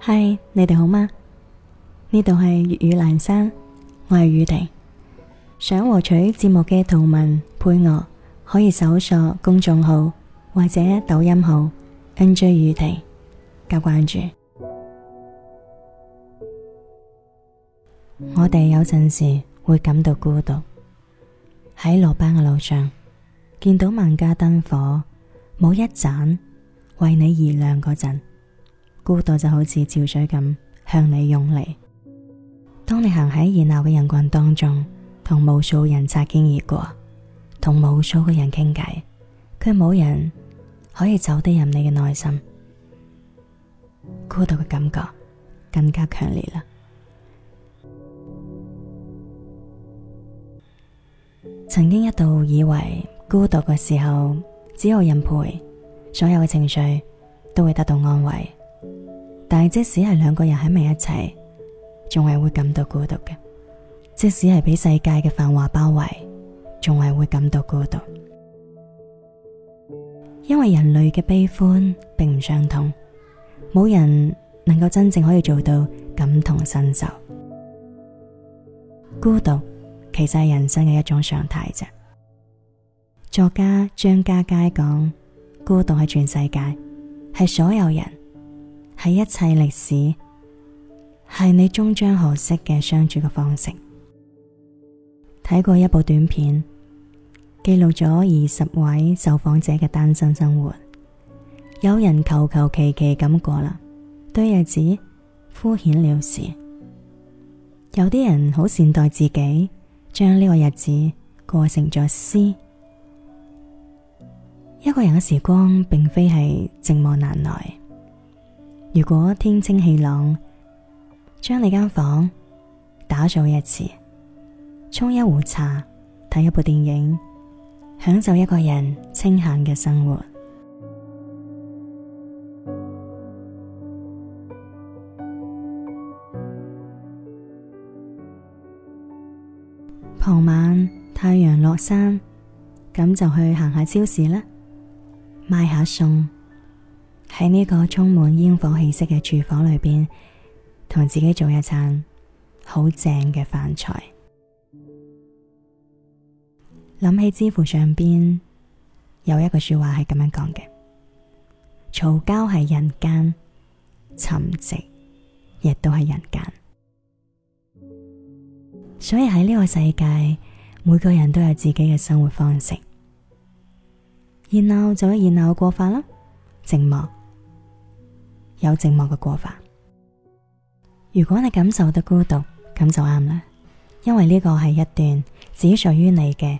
嗨，Hi，你哋好嗎？呢度係粵語蘭山，我係宇婷。想獲取節目嘅圖文配樂，可以搜索公眾號或者抖音號 NJ 宇婷加關注。 我哋有陣時會感到孤獨，喺落班嘅路上見到萬家燈火，冇一盞為你而亮嗰陣。孤獨就好似潮水咁向你湧嚟。當你行喺熱鬧嘅人群當中，同無數人擦肩而過，同無數個人傾偈，卻冇人可以走得入你嘅內心，孤獨嘅感覺更加強烈啦。曾經一度以為孤獨嘅時候，只要有人陪，所有嘅情緒都會得到安慰。但係即使係兩個人喺埋一齊，仲係會感到孤獨嘅；即使係被世界嘅繁華包圍，仲係會感到孤獨。因為人類嘅悲歡並唔相同，冇人能夠真正可以做到感同身受。孤獨其實係人生嘅一種常態啫。作家張嘉佳講：孤獨喺全世界，係所有人。係一切歷史，係你終將學識嘅相處嘅方式。睇過一部短片，記錄咗二十位受訪者嘅單身生活。有人求求其其咁過啦，對日子敷衍了事；有啲人好善待自己，將呢個日子過成咗詩。一個人嘅時光，並非係寂寞難耐。如果天清氣朗，將你間房打掃一次，沖一壺茶，睇一部電影，享受一個人清閒嘅生活。傍晚太陽落山，咁就去行下超市啦，買下餸。喺呢個充滿煙火氣息嘅廚房裏邊，同自己做一餐好正嘅飯菜。諗起知乎上邊有一句說話係咁樣講嘅：嘈交係人間，沉寂亦都係人間。所以喺呢個世界，每個人都有自己嘅生活方式。熱鬧就係熱鬧過法啦，寂寞。有寂寞嘅過法。如果你感受得孤獨，咁就啱啦，因為呢個係一段只屬於你嘅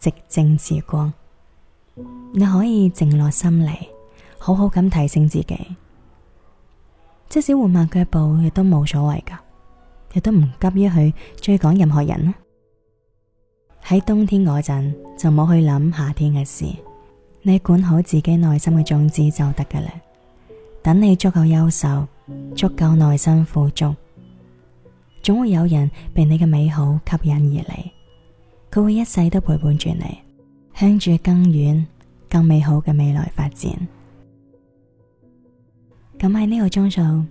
寂靜時光。你可以靜落心嚟，好好咁提升自己，即使緩慢腳步，亦都冇所謂噶，亦都唔急於去追趕任何人啦。喺冬天嗰陣，就冇去諗夏天嘅事，你管好自己內心嘅種子就得噶啦。等你足夠優秀，足夠內心富足，總會有人被你嘅美好吸引而嚟。佢會一世都陪伴住你，向住更遠、更美好嘅未來發展。咁喺呢個鐘數，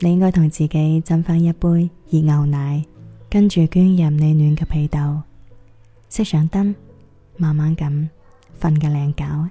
你應該同自己斟翻一杯熱牛奶，跟住捐入你暖嘅被竇，熄上燈，慢慢咁瞓個靚覺。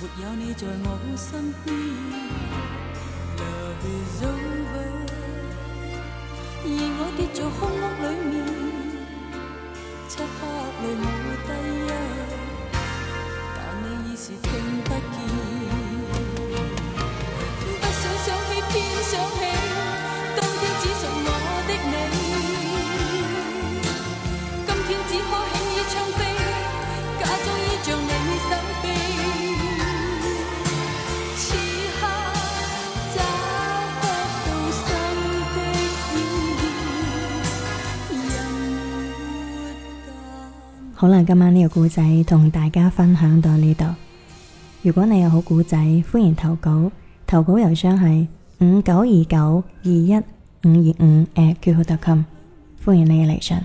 沒有你在我身邊，Love is over，而我跌在空屋裏面，漆黑裏我低泣，但你已是聽。好啦，今晚呢個故仔同大家分享到呢度。如果你有好故仔，歡迎投稿，投稿郵箱係五九二九二一五二五 @QQ 點 com，歡迎你嘅嚟信。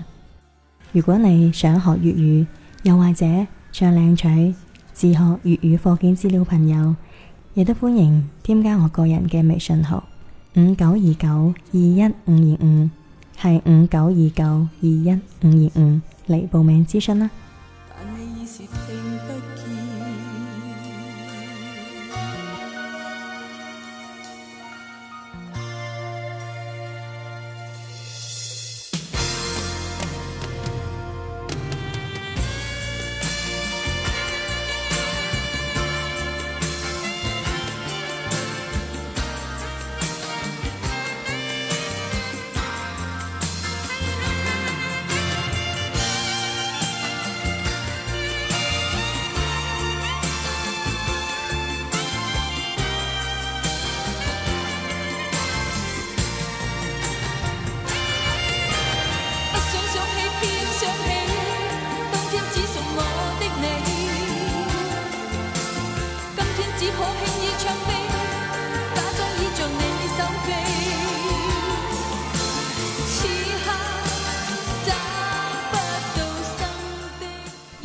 如果你想學粵語，又或者想領取自學粵語課件資料，朋友亦都歡迎添加我個人嘅微信號五九二九二一五二五。係五九二九二一五二五嚟，報名諮詢啦。